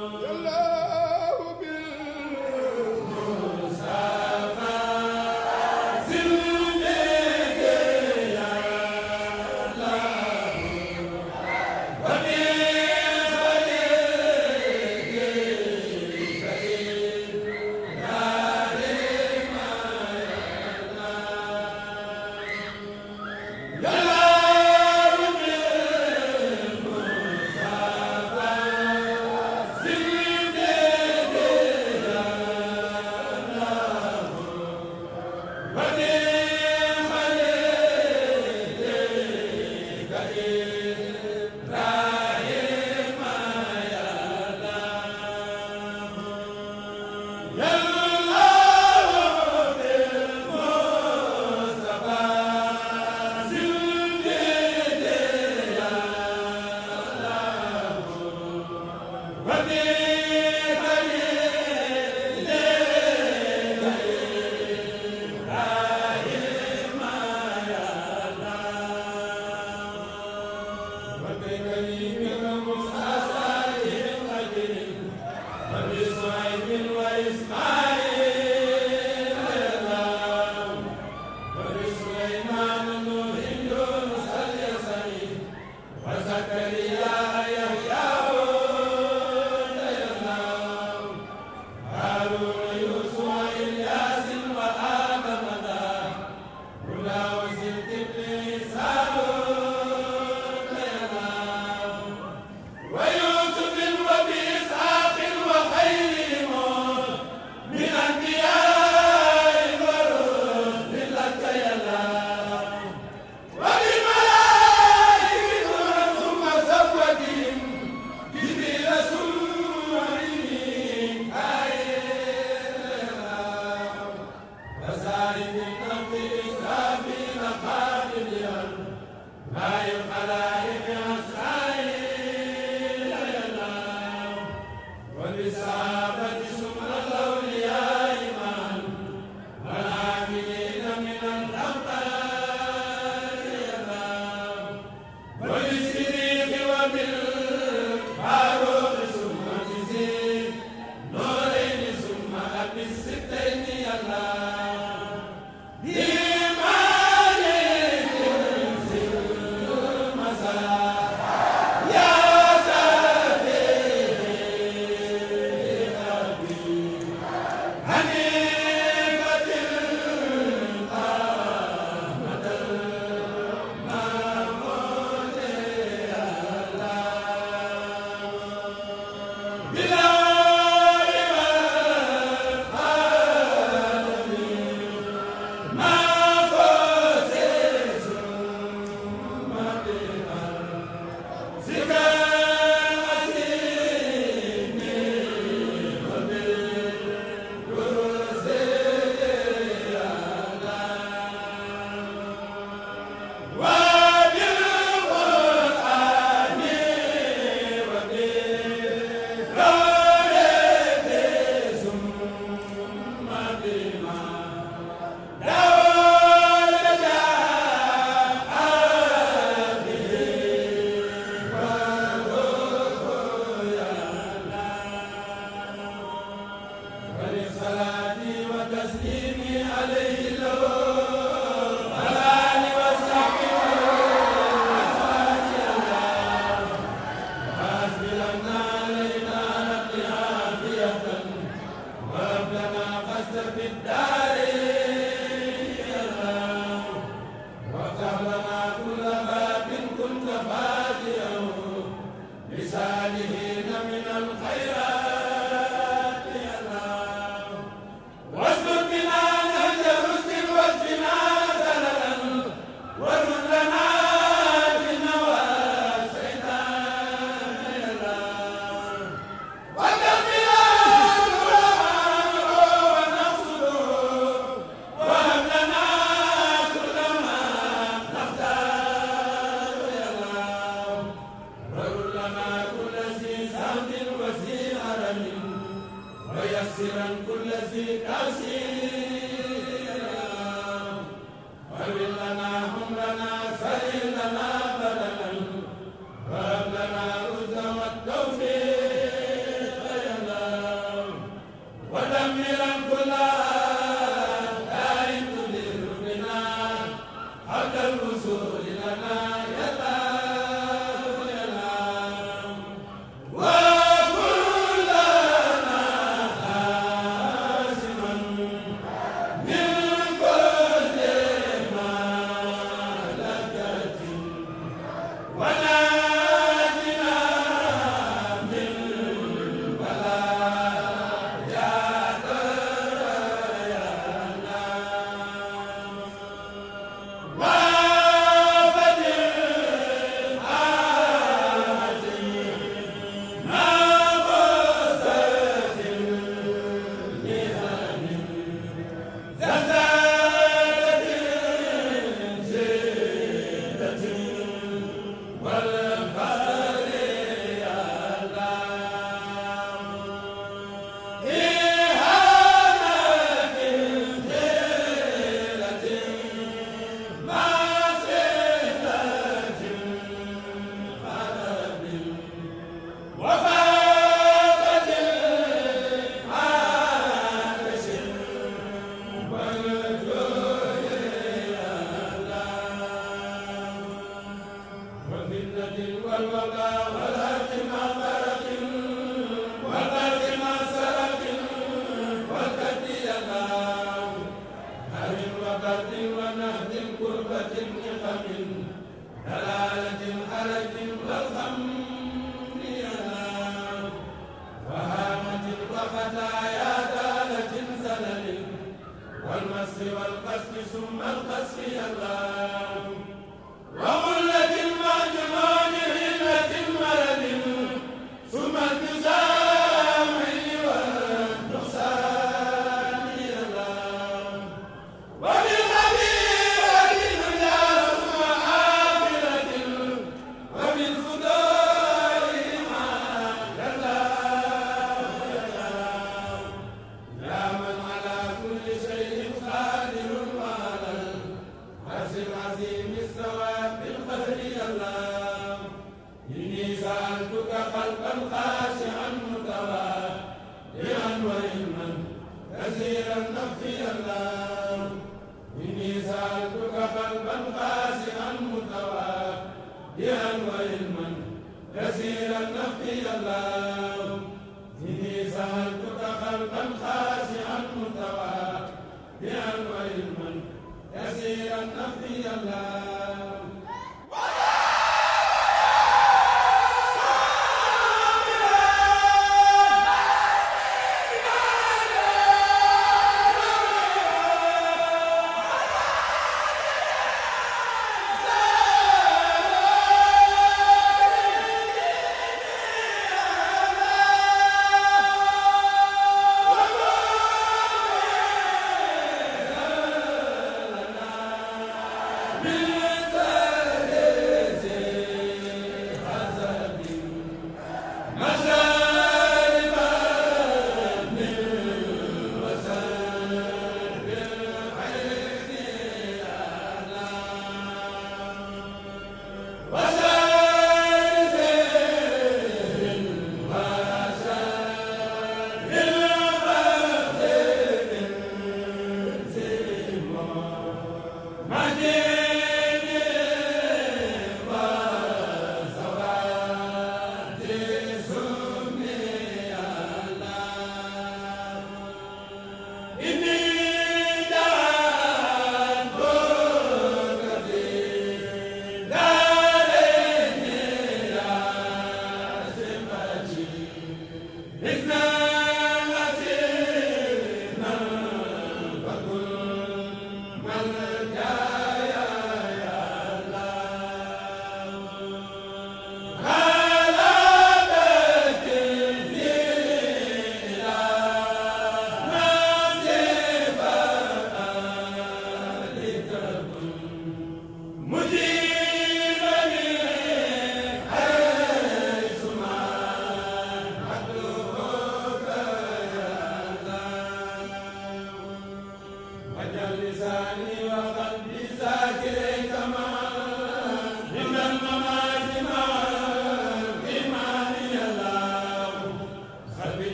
Yàlla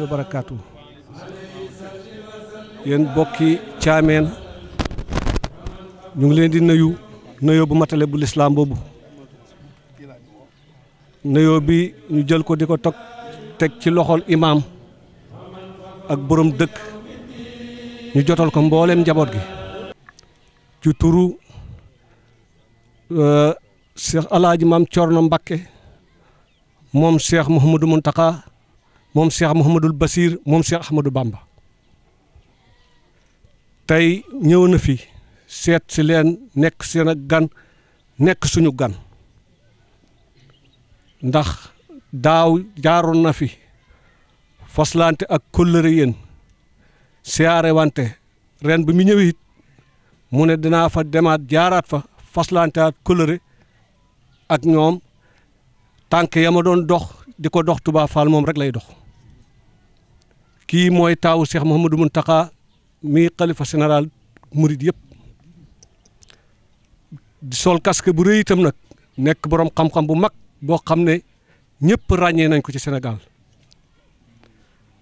rahmatullahi wa barakaatu. yéen bokki caameen ñu ngi leen di nuyu nuyoo bu matale bu lislaam boobu nuyoo bi ñu jël ko di ko tog teg ci loxol imaam ak boroom dëkk ñu jotal ko mbooleem njaboot gi ci turu euh, Cheikh Alaaji Maam Corno Mbakke moom Cheikh Mouhamadou Mountakha moom Cheikh Mouhamadul Basir moom Cheikh Ahmadou Bamba tey ñëw na fi seet si leen nekk seen ak gan nekk suñu gan ndax daaw jaaroon na fi faslante ak kóllëre yéen siyaare wante ren bi mu ñëwee mu ne dinaa fa demaat jaaraat fa faslante ak kóllëre ak ñoom tànk ya ma doon dox di ko dox Touba Fall moom rek lay dox kii mooy taawu Cheikh Mouhamadou Mountakha mi xalifa général murid yëpp di sol casque bu rëy itam nag nekk boroom xam-xam bu mag boo xam ne ñëpp ràññee nañ ko ci senegal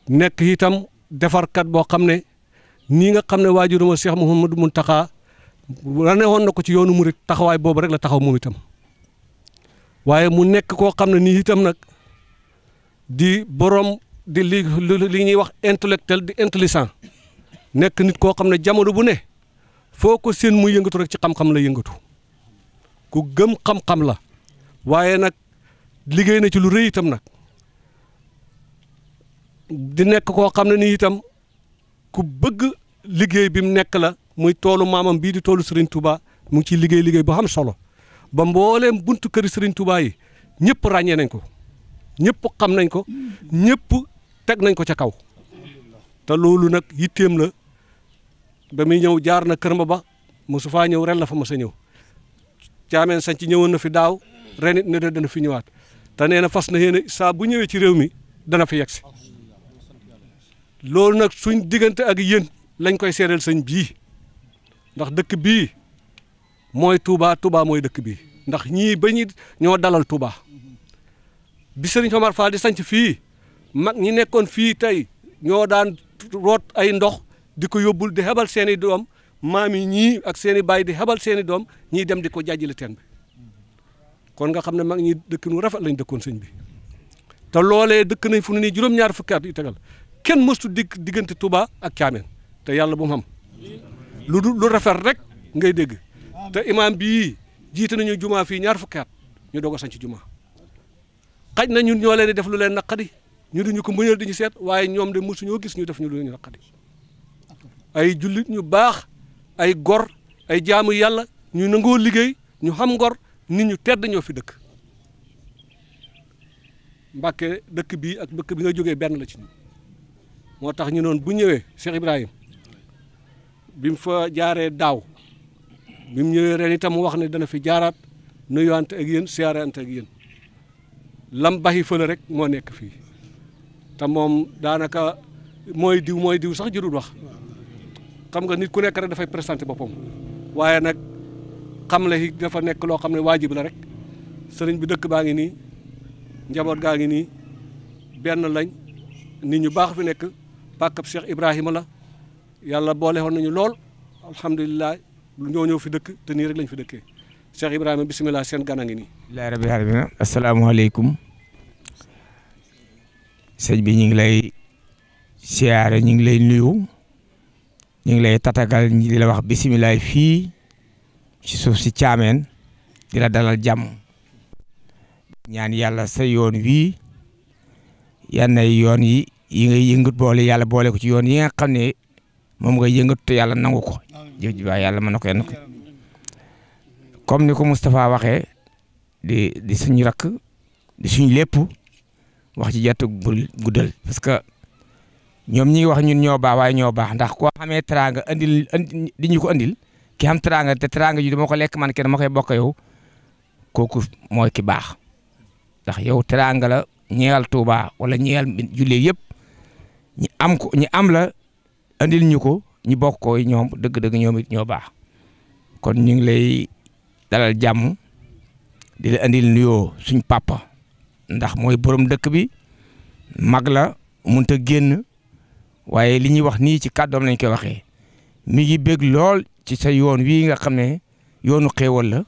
nekk itam defarkat boo xam ne nii nga xam ne waajuruma Cheikh Mouhamadou Mountakha rane woon na ko ci yoonu murid taxawaay boobu rek la taxaw moom itam waaye mu nekk koo xam ne nii itam nag di borom. di li li ñuy wax intellectuel di intelligent nekk nit koo xam ne jamono bu ne foo ko seen muy yëngatu rek ci xam-xam la yëngatu ku gëm xam-xam la waaye nag liggéey na ci lu rëy itam nag di nekk koo xam ne nii itam ku bëgg liggéey bi mu nekk la muy toolu maamam bii di toolu sëriñ tubaa mu ngi ciy liggéey liggéey bu am solo ba mbooleem buntu këri sëriñ Touba yi ñëpp ràññee nañ ko ñëpp xam nañ ko ñépp teg nañ ko ca kaw te loolu nag yitteem la ba muy ñëw jaar na kër ba mosu faa ñëw ren la fa mos a ñëw caameen sañ ci ñëwoon na fi daaw ren it ne de dana fi ñëwaat te nee na fas na yéene saa bu ñëwee ci réew mi dana fi yegsi loolu nag suñ diggante ak yéen lañ koy seedeel sëñ bii ndax dëkk bii mooy tubaa tubaa mooy dëkk bii ndax ñii ba ñi ñoo dalal tubaa bi sëriñ Omar Fall di sanc fii mag ñi nekkoon fii tey ñoo daan root ay ndox di ko yóbbul di xebal seeni doom maam yi ñii ak seeni baay di xebal seeni doom ñii dem di ko jàjjale teen bi kon nga xam ne mag ñi dëkk nu rafet lañ dëkkoon sëñ bi te loolee dëkk nañ fu ne nii juróom-ñaar fukki at yu kenn mëstu digg diggante Touba ak Thiamène te yàlla bu mu xam lu lu rafet rek ngay dégg te imaam bii jiite nañu jumaa fii ñaar fukki ñu doog a ci jumaa xaj na ñun ñoo leen di def lu leen naqari ñu duñu ko mënal di ñu seet waaye ñoom de mosuñoo gis ñu def ñu lu ñu naqadi ay jullit ñu baax ay gor ay jaamu yàlla ñu nangoo liggéey ñu xam ngor nit ñu tedd ñoo fi dëkk Mbàkke dëkk bii ak dëkk bi nga jógee benn la ci ñun moo tax ñu noon bu ñëwee Cheikh Ibrahim bi mu fa jaaree daaw bi mu ñëwee ren itam wax ne dana fi jaaraat nuyuwante ak yéen siyaarante ak yéen lam baxi fële rek moo nekk fii te moom daanaka mooy diw mooy diw sax jërul wax xam nga nit ku nekk rek dafay présenté boppam waaye nag xam la yi dafa nekk loo xam ne waajib la rek sëriñ bi dëkk baa ngi nii njaboot gaa ngi nii benn lañ nit ñu baax fi nekk pàkkab Cheikh Ibrahima la yàlla boole woon nañu lool alhamdulilah ñoo ñëw fi dëkk te nii rek lañ fi dëkkee Cheikh Ibrahima bisimilah seen gan a ngi nii. alhamdulilah rabbil alamin asalaamaaleykum. sëñ bi ñu ngi lay siyaare ñu ngi lay nuyu ñu ngi lay tatagal ñi di wax bisimilah fii ci suuf si caameen di la dalal jàmm ñaan yàlla sa yoon wii yan nay yoon yi yi ngay yëngat boole yàlla boole ko ci yoon yi nga xam ne moom ngay yëngatu te yàlla nangu ko jëf ji baa yàlla mën na ko yenn ni ko Moustapha waxee di di rakk di suñu lépp wax ci jàttug bul guddal parce que ñoom ñi ngi wax ñun ñoo baa waaye ñoo baax ndax koo xamee teraanga andil andi di ñu ko andil ki am teraanga te teraanga ji dama ko lekk man kenn ma koy bokk yow kooku mooy ki baax ndax yow teraanga la ñeewal Touba wala ñeewal jullit yëpp ñi am ko ñi am la andil ñu ko ñu bokk ko ñoom dëgg-dëgg ñoom ñoo baax kon ñu ngi lay dalal jàmm di la andil nuyoo suñ papa. ndax mooy borom dëkk bi mag la munta génn waaye li ñuy wax nii ci kàddoom lañ koy waxe mi ngi bég lool ci sa yoon wii nga xam ne yoonu xéewal la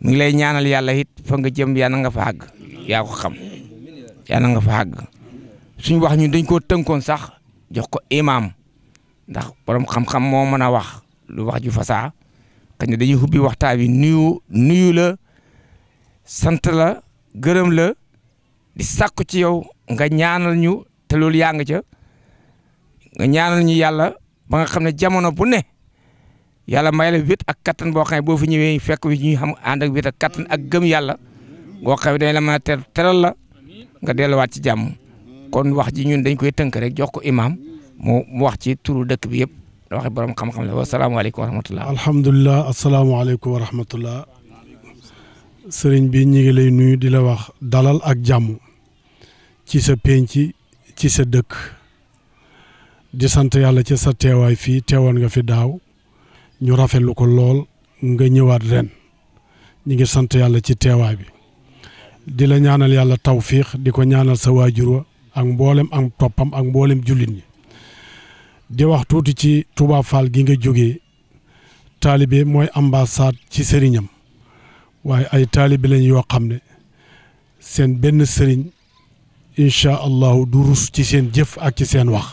mi ngi lay ñaanal yàlla it fa nga jëm yaa na nga fa àgg yaa ko xam yaa na nga fa àgg suñu wax ñun dañ koo tënkoon sax jox ko imaam ndax borom xam-xam moo mën a wax lu wax ju fasaa xëy na dañuy ubbi waxtaan bi nuyu la sant la gërëm la di sàkku ci yow nga ñaanal ñu te loolu yaa nga ca nga ñaanal ñu yàlla ba nga xam ne jamono bu ne yàlla may la wét ak kattan boo xam ne boo fi ñëwee fekk wi ñuy xam ànd ak wét ak kattan ak gëm yàlla boo xam dañ la mën ter teral la nga delluwaat ci jàmm kon wax ji ñun dañ koy tënk rek jox ko imaam mu wax ci turu dëkk bi yëpp da waxe borom xam-xam la wa salaamualeykum wa rahmatullah sëriñ bi ñu ngi lay nuyu di la wax dalal ak jàmm ci sa pénc ci sa dëkk di sant yàlla ci sa teewaay fii teewoon nga fi daaw ñu rafetlu ko lool nga ñëwaat ren ñu ngi sant yàlla ci teewaay bi di la ñaanal yàlla tawfiix di ko ñaanal sa waajur wa ak mboolem am toppam ak mboolem jullit ñi di wax tuuti ci tubaafal gi nga jógee taalibe mooy ambassade ci sëriñam waaye ay taalibi lañ yoo xam ne seen benn sëriñ incha allahu du ci seen jëf ak ci seen wax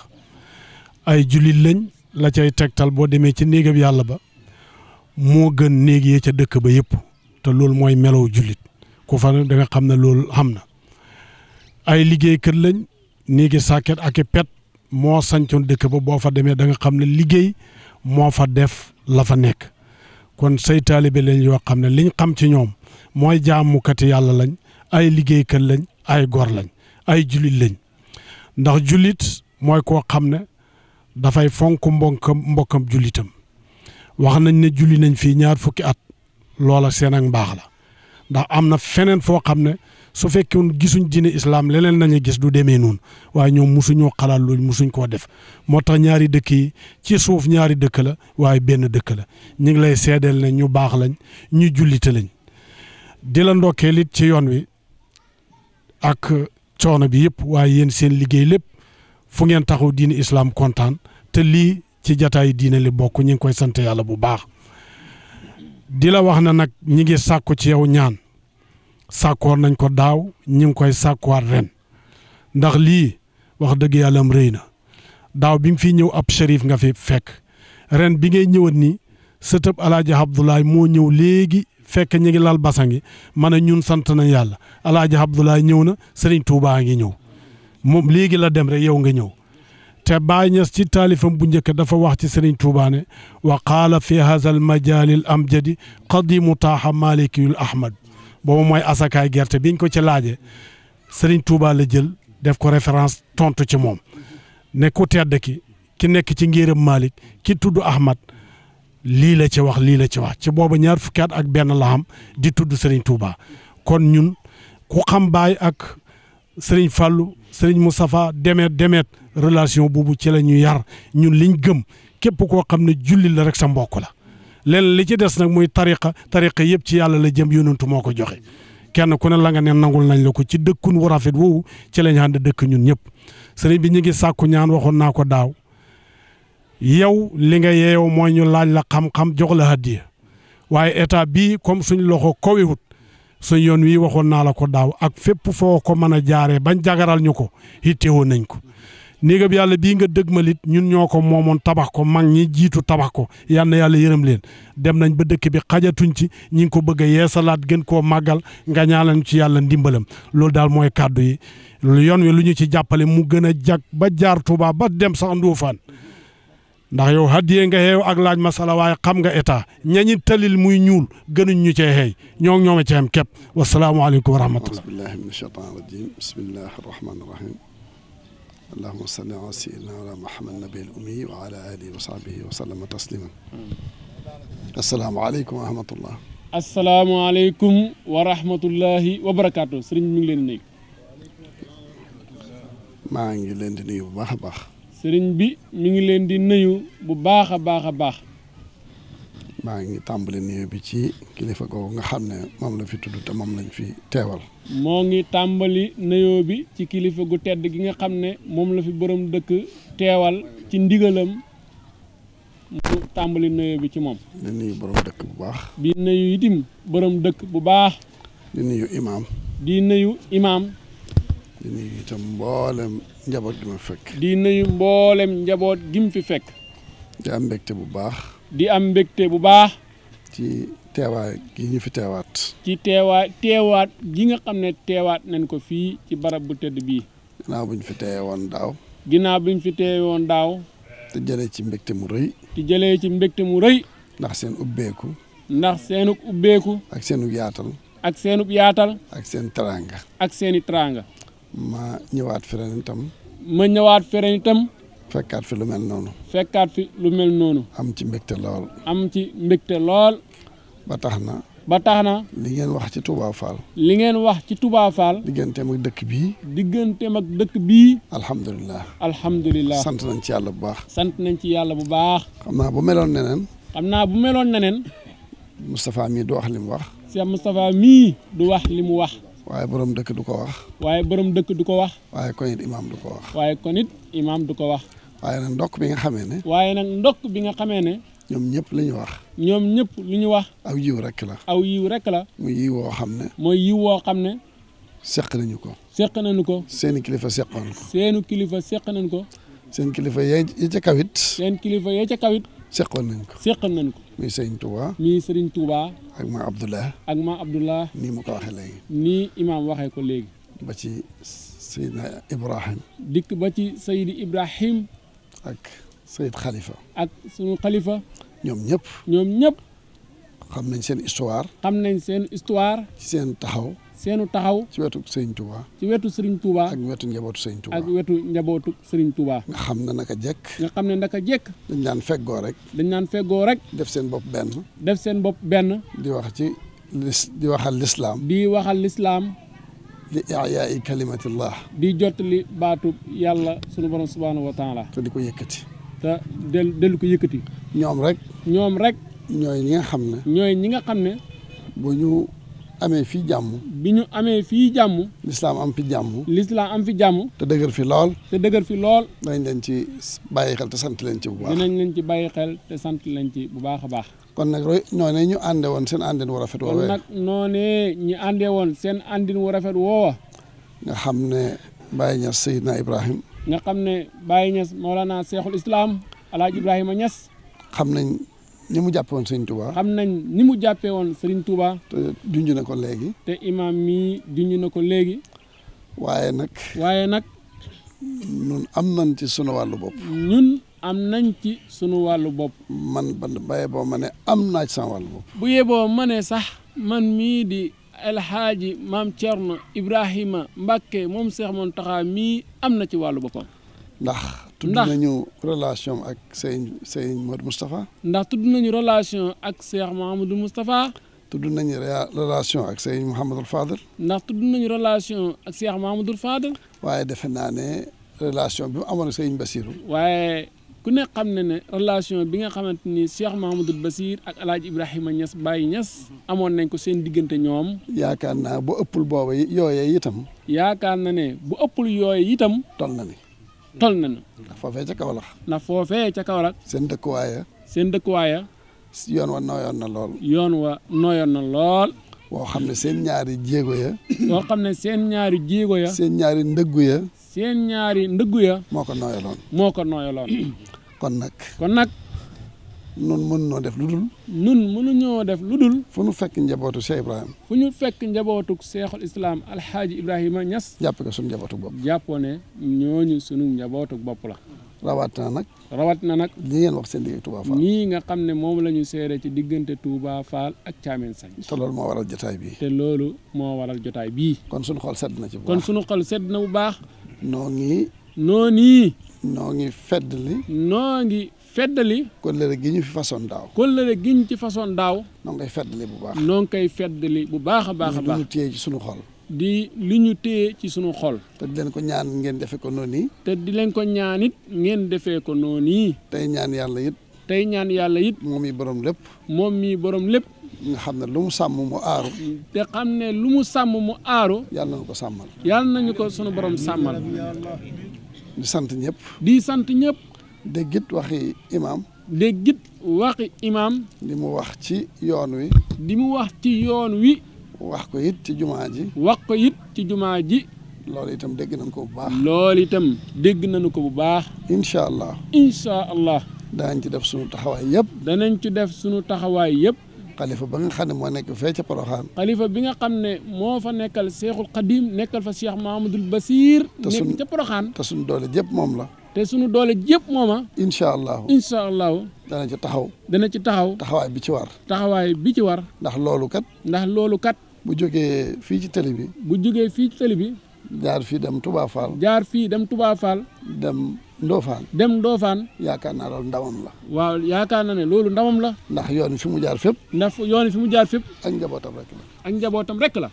ay jullit lañ la cay tegtal boo demee ci néegam yàlla ba moo gën néeg yee ca dëkk ba yëpp te loolu mooy melow jullit ku fa da nga xam ne loolu xam na ay liggéeykat lañ néegi sàkket ak i pet moo sancoon dëkk ba boo fa demee danga xam ne liggéey moo fa def la fa nekk kon say taalibe lañ yoo xam ne liñ xam ci ñoom mooy jaamukati yàlla lañ ay liggéeykat lañ ay gor lañ ay jullit lañ ndax jullit mooy koo xam ne dafay fonk mbonkam mbokkam jullitam wax nañ ne julli nañ fii ñaar fukki at loola seen ak mbaax la ndax am na feneen foo xam ne su fekkoon gisuñ diine islaam leneen nañu gis du demee noonu waaye ñoom musuñoo xalaat loolu musuñ koo def moo tax ñaari dëkk yi ci suuf ñaari dëkk la waaye benn dëkk la ñu ngi lay seedeel ne ñu baax lañ ñu jullite lañ di la ndokkeel it ci yoon wi ak coono bi yëpp waaye yéen seen liggéey lépp fu ngeen taxaw diine islaam kontaan te lii ci jataay diine li bokk ñu ngi koy sante yàlla bu baax di la wax na nag ñi ngi sàkku ci yow ñaan sàkkoor nañ ko daaw ñi ngi koy sàkkuwaat ren ndax lii wax dëgg yàlla am rëy na daaw bi mu fi ñëw ab shérif nga fi fekk ren bi ngay ñëwat nii sëtëb alaaji Abdoulaye moo ñëw léegi fekk ñu ngi lal basangi ma ne ñun sant nañ yàlla alaaji Abdoulaye ñëw na Serigne Touba ngi ñëw moom léegi la dem rek yow nga ñëw te Baay ci taalifam bu njëkk dafa wax ci Serigne Touba ne wa qaala fi haza al majalil amjadi qadimu taaha malikiyul ahmad boobu mooy asakaay gerte biñ ko ci laaje Serigne Touba la jël def ko référence tontu ci moom ne ku tedd ki ki nekk ci ngiram Malick ki tudd Ahmad lii la ci wax lii la ci wax ci boobu ñaar fukki ak benn la xam di tudd Serigne Touba kon ñun ku xam baay ak Serigne Fallou Serigne Moustapha demeet demeet relation boobu ci la ñu yar ñun liñ gëm képp koo xam ne julli la rek sa mbokk la leen li ci des nag muy tariqa tariqa yëpp ci yàlla la jëm yonantu moo ko joxe kenn ku ne la nga ne nangul nañ la ko ci dëkkun wu rafet woowu ci lañ ànd dëkk ñun ñëpp sëriñ bi ñu ngi sàkku ñaan waxoon naa ko daaw yow li nga yeew mooy ñu laaj la xam-xam jox la hadiya waaye état bii comme suñ loxo kowewut suñ yoon wii waxoon naa la ko daaw ak fépp foo ko mën a jaaree bañ jagaral ñu ko yittewoo nañ ko bi yàlla bii nga dëgmalit ñun ñoo ko moomoon tabax ko mag ñi jiitu tabax ko yal yàlla yërëm leen dem nañ ba dëkk bi xajatuñ ci ñi ngi ko bëgg a yeesalaat gën koo màggal nga ñaanal ci yàlla ndimbalam loolu daal mooy kàddu yi yoon wi lu ñu ci jàppale mu gën a jag ba jaar Tuuba ba dem sax Nduufaan ndax yow haddiyee nga xeew ak laaj masala waaye xam nga état ñañi talil muy ñuul gënuñ ñu cee xeey ñoo ngi ñooma ceem képp wasalaamualeykum wa rahmatullah allahuma salli ala sayyidina wa muhammad nabiyyil ummi wa ala alihi wa sahbihi wa sallama tasliman asalaamaaleykum wa rahmatullah asalaamaaleykum wa rahmatullahi wa barakaatu sëriñ mi ngi leen di nuyu maa ngi leen di nuyu bu baax a baax sëriñ bi mi ngi leen di nuyu bu baax a baax a baax maa ngi tàmbali nuyu bi ci kilifa googu nga xam ne moom la fi tudd te moom lañ fi teewal. moo ngi tàmbali nuyoo bi ci kilifa gu tedd gi nga xam ne moom la fi borom dëkk teewal ci ndigalam mu tàmbali nuyoo bi ci moom. di nuyu borom dëkk bu baax. di nuyu dëkk bu baax. nuyu imaam. di nuyu imaam. di nuyu itam mboolem njaboot gi ma fekk. di nuyu mboolem njaboot gi mu fi fekk. di am bu baax. di am mbégte bu baax. ci teewaay gi ñu fi teewaat. ci teewaay teewaat gi nga xam ne teewaat nañ ko fii ci barab bu tëdd bii. ginnaaw bu fi teewee woon daaw. ginnaaw bi fi teewee woon daaw. te jëlee ci mbégte mu rëy. te jëlee ci mbégte mu rëy. ndax seen ubbeeku. ndax seenug ubbeeku. ak seenug yaatal. ak seenug yaatal. ak seen teraanga. ak seeni teraanga. ma ñëwaat feneen itam. ma ñëwaat feneen itam. fekkaat fi lu mel noonu. fekkaat fi lu mel noonu. am ci mbégte lool. am ci mbégte lool. ba tax na. ba tax na. li ngeen wax ci Touba li ngeen wax ci Touba Fall. digganteem dëkk bii. digganteem ak dëkk bii. alhamdulilah. alhamdulilah sant nañ ci yàlla bu baax. sant nañ ci yàlla bu baax. xam naa bu meloon neneen. xam naa bu meloon neneen. Moustapha mii du wax li mu wax. Cheikh Moustapha mii du wax li mu wax. waaye borom dëkk du ko wax. waaye boroom dëkk du ko wax. waaye kon ko imaam du ko wax. waaye nag ndokk bi nga xamee ne. waaye nag ndokk bi nga xamee ne. ñoom ñëpp lu ñu wax. ñoom ñëpp lu ñu wax. aw yiw rek la. aw yiw rek la. muy woo xam ne. mooy yiw woo xam ne. seq nañu ko. seq nañu ko. seeni kilifa seqoon seenu kilifa seq nañu ko. seen kilifa yee ya ca kawit. seen kilifa yee ca kawit. seqoon nañ ko. seqoon nañ ko. mu Serigne Touba. muy Serigne Touba. ak ma Abdullah. ak ma Abdullah. nii mu ko waxee léegi. nii imaam waxee ko léegi. ba ci Seydina Ibrahim. dikk ba ci Seydi Ibrahim. ak Seyd Khalifa. ak suñu Khalifa. ñoom ñëpp. ñoom ñëpp. xam nañ seen histoire. xam nañ seen histoire. ci seen taxaw. seenu taxaw. ci wetu Serigne Touba. ci wetu Serigne Touba. ak wetu njabootu Serigne Touba. ak wetu njabootu Serigne Touba. nga xam ne naka jekk. nga xam ne naka jekk. dañ daan feggoo rek. dañ daan feggoo rek. def seen bopp benn. def seen bopp benn. di wax ci di waxal lislaam. di waxal lislaam. li iyaai kalimatillah di jottali baatu yàlla sunu borom subhaanahu wa taala te di ko yëkkati te del dellu ko yëkkati ñoom rek ñoom rek ñooy ñi nga xam ne ñooy ñi nga xam ne bu ñu amee fii jàmm bi ñu amee fii jàmm lislaam am fi jàmm lislaam am fi jàmm te dëgër fi lool te dëgër fi lool danañ leen ci bàyyi xel te sant lañ ci bu baax leen ci bàyyi xel sant leen ci bu baax a baax kon nag roy noonee ñu ànde woon seen àndin wu rafet woowee kon nag ñu àndee woon seen àndin wu rafet woowa nga xam ne Baye Niass na Ibrahim nga xam ne Baye Niass Mawlana Cheikhul Islam Alaaji Ibrahima ñas xam nañ ñu mu jàppe woon Serigne Touba xam nañ ni mu jàppee woon Serigne Touba te junj na ko léegi te imaam mii junj na ko léegi waaye nag waaye nag ñun am nañ ci sunu wàllu bopp am nañ ci sunu wàllu bopp. man ba boo ma am naa ci sama wàllu bu yeboo ma ne sax man mii di alxaaji maam Thierno Ibrahima Mbacke moom seex Cheikh taxa mii am na ci wàllu boppam. ndax tudd nañu relation ak sëñ sëñ Modou Moustapha. ndax tudd nañu relation ak Cheikh Mouhamadou Moustapha. tudd nañu relation ak sëñ Mouhamadou Fadel. ndax tudd nañu relation ak Cheikh Mouhamadou Fadel. waaye defe naa ne relation bi mu amoon ak ku ne xam ne ne relation bi nga xamante ni Cheikh Mahamadul Basir ak El Hadj Ibrahima Niass Baye Niass amoon nañ ko seen diggante ñoom. yaakaar naa bu ëppul booba yooyee itam. yaakaar na ne bu ëppul yooyee itam. tol na ni tol na ni. ndax foofee ca Kaolack. na foofee ca Kaolack. seen dëkkuwaaya. seen dëkkuwaaya. yoon wa nooyoon na lool. yoon wa nooyoon na lool. boo xam ne seen ñaari jéego ya boo xam ne seen ñaari jéego ya seen ñaari ndëggu ya seen ñaari ndëggu ya moo ko nooyaloon moo ko nooyaloon kon nag kon nag nun mënuñoo def lu dul nun mënuñoo def lu dul fu ñu fekk njabootu Cheikh Ibrahima fu ñu fekk njabootu Cheikhul Islam Alhaaji Ibrahima Niass jàpp ko suñu njabootu bopp jàppoo ne ñooñu suñu njabootu bopp la rawatina nag. rawatina nag. li ngeen wax seen liggéey Touba Fall. nii nga xam ne moom la ñu seere ci diggante Touba Fall ak Thiamène Sagne. te loolu moo waral jotaay bii. te loolu moo waral jotaay bii. kon sunu xol sedd na ci bu baax kon sunu xol sedd na bu baax. noo ngi. noo nii. noo ngi feddali. noo ngi feddali. kóllëre gi ñu fi façon daaw. kóllëre gi ñu ci façon daaw. noo ngi koy feddali bu baax. noo ngi koy li bu baax a baax a baax. ñu téye ci di li ñu téye ci sunu xol. te di leen ko ñaan ngeen defee ko noonu yi. te di leen ko ñaan it ngeen defee ko noonu yi. tey ñaan yàlla it. tey ñaan yàlla it. moom mi borom lépp. moom mii boroom lépp. nga xam ne lu mu sàmm mu aaru. te xam ne lu mu sàmm mu aaru. yàlla na ko sàmmal. yàlla nañu ko sunu borom sàmmal. di sant ñëpp. di sant ñëpp. dégg it waxi imaam. dégg waxi imaam. li mu wax ci yoon wi. li mu wax ci yoon wi. wax ko it ci jumaa ji. wax ko it ci jumaa ji. loolu itam dégg nañ ko bu baax. loolu itam dégg nañu ko bu baax. incha allah. incha allah. danañ ci def sunu taxawaay yëpp. danañ ci def sunu taxawaay yëpp. xalifa ba nga xam ne moo nekk fee ca Poroxaan. xalifa bi nga xam ne moo fa nekkal Seexul Xadim nekkal fa Cheikh Mahamadul Basir. nekk ca Poroxaan te sunu doole jëpp moom la. te sunu doole jëpp mooma a. incha allahu incha ci taxaw. dana ci taxaw. taxawaay bi ci war. taxawaay bi ci war. ndax loolu kat. ndax loolu kat. bu jógee fii ci tëli bi. bu jógee fii ci bi. jaar fii dem Touba Fall. jaar fii dem Touba Fall. dem Ndofane. dem Ndofane. yaakaar naa loolu ndamam la. waaw yaakaar na ne loolu ndamam la. ndax yoon fi mu jaar fépp. ndax yoon fi mu jaar fépp. ak njabootam rek la. ak njabootam rek la.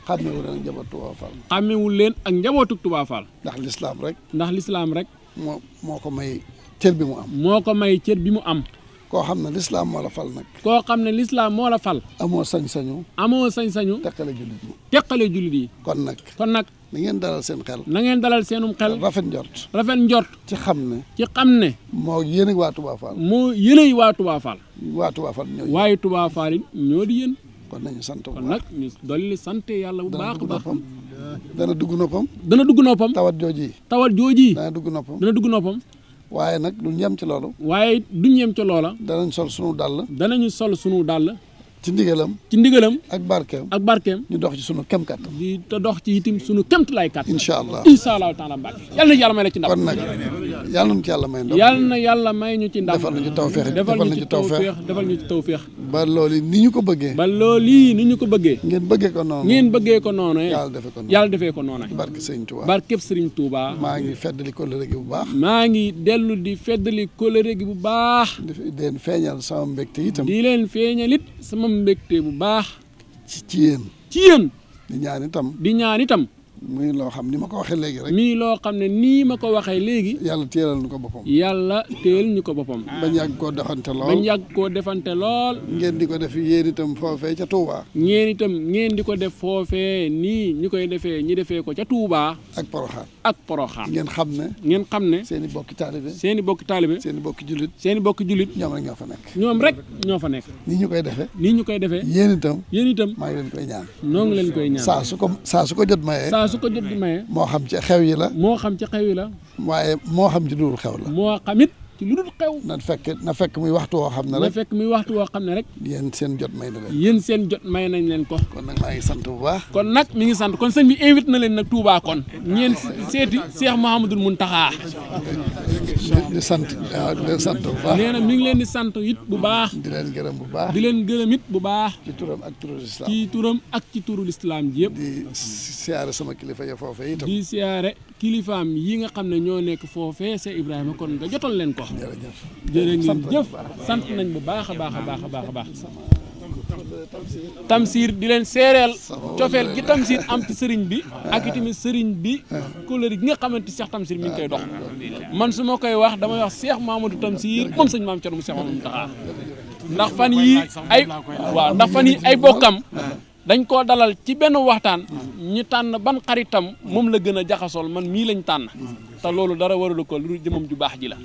xàmmewul leen ak njabootu Touba Fall. leen ak njabootu Touba Fall. ndax lislaam rek. ndax lislaam rek. moo moo ko may cër bi mu am. moo ko may cër bi mu am. koo xam ne lislaam moo la fal nag. koo xam ne lislaam moo la fal. amoo sañ-sañu. amoo sañ-sañu. teqale jullit yi. teqale jullit yi. kon nag kon nag. na ngeen dalal seen xel. na ngeen dalal seenum xel. rafet njort. rafet njort. ci xam ne. ci xam ne. moo yéenay waa Touba moo yéenay waa Touba Fall. waa waaye Touba Fall it ñoo di yéen. kon nañu sant bu baax nag ñu dolli sant yàlla bu baax baax. dana dugg noppam. dana dugg noppam. tawat jooji. tawat jooji. dana dugg noppam. dana dugg noppam. waaye nag duñ yem ci loolu. waaye duñ yem ci loola. danañ sol sunu dàll. danañu sol sunu dàll. ci ndigalam ci ndigalam ak barkeem ak barkeem ñu dox ci sunu kem kàttan di te dox ci itam sunu kemt lay kàttan incha allah incha allahu taala mbàkke yàlla na yàlla may la ci ndam yàlla nañu ci yàlla ci ndam defal nañu tawfeex defal nañu ci tawfeex defal ñu ci tawfeex ba loolu ni ñu ko bëggee ba loolu ni ñu ko bëggee ngeen bëggee ko noonu ngeen bëggee ko noonu yàlla defee ko noonu yàlla defee ko noonu barke sëriñ Touba barkeb sëriñ maa ngi feddali kóllëre gi bu baax maa ngi dellu di feddali kóllëre gi bu baax di leen feeñal sama mbégte itam di leen feeñal it sama am bu baax. ci ci di ñaan itam. di ñaan itam. muy loo xam ni ma ko waxee léegi rek. muy loo xam ne nii ma ko waxee léegi. yàlla téelal ñu ko boppam. yàlla téel ñu ko boppam. bañ yàgg koo defante lool bañ yàgg koo defante lool. ngeen di ko def yéen itam foofee ca Touba. ngeen itam ngeen di ko def foofee nii ñu koy defee ñu defee ko ca Touba. ak Poroxaan ak Poroxaan. ngeen xam ne. ngeen xam ne. seen i bokki taalibe. seen i bokki taalibe. seen i bokki seen i julit. ñoom rek fa nekk. ñoom rek ñoo fa nekk. nii ñu koy defee. nii ñu koy defee. yéen itam. yéen itam maa ngi leen koy ñaan. noo leen koy ñaan saa su ko saa su ko jot mayee su ko jot di maye. moo xam ci xew yi la. moo xam ci xew yi la. waaye moo xam ci lu dul xew la. moo xam it ci lu dul xew. na fekk na muy waxtu woo xam ne rek na fekk muy waxtu woo xam ne rek. yéen seen jot may na leen. yéen seen jot may nañ leen ko. kon nag maa ngi sant bu baax. kon nag mi ngi sant kon sëñ bi invite na leen nag Touba kon. ñeen seeti Cheikh Mouhamadul taxa di sant ak di leen sant bu baax nee mi ngi leen di sant it bu baax. di leen gërëm bu baax di leen gërëm bu baax. ci turam ak turu lislaam ci turam ak ci turu lislaam yëpp. di siyaare sama kilifa ya foofee itam. di siyaare kilifaam yi nga xam ne ñoo nekk foofee Cheikh Ibrahima kon nga jotal leen ko. jërëjëf jërë ngeen jëf sant nañ bu baax a baax a baax a baax a baax. Tamsir di leen seereel cofeel gi Tamsir am ci sëriñ bi ak itamit sëriñ bi couleur gi nga xamante Cheikh Tamsir mi ngi koy dox man su ma koy wax damay wax Cheikh Mamadou Tamsir moom sëñ maam Thierno mu Cheikh Mamadou Taha ndax fan yi ay waaw ndax fan yi ay bokkam dañ koo dalal ci benn waxtaan ñu tànn ban xaritam moom la gën a jaxasool man mii lañ tànn te loolu dara waralu ko lu jëmam ju baax ji la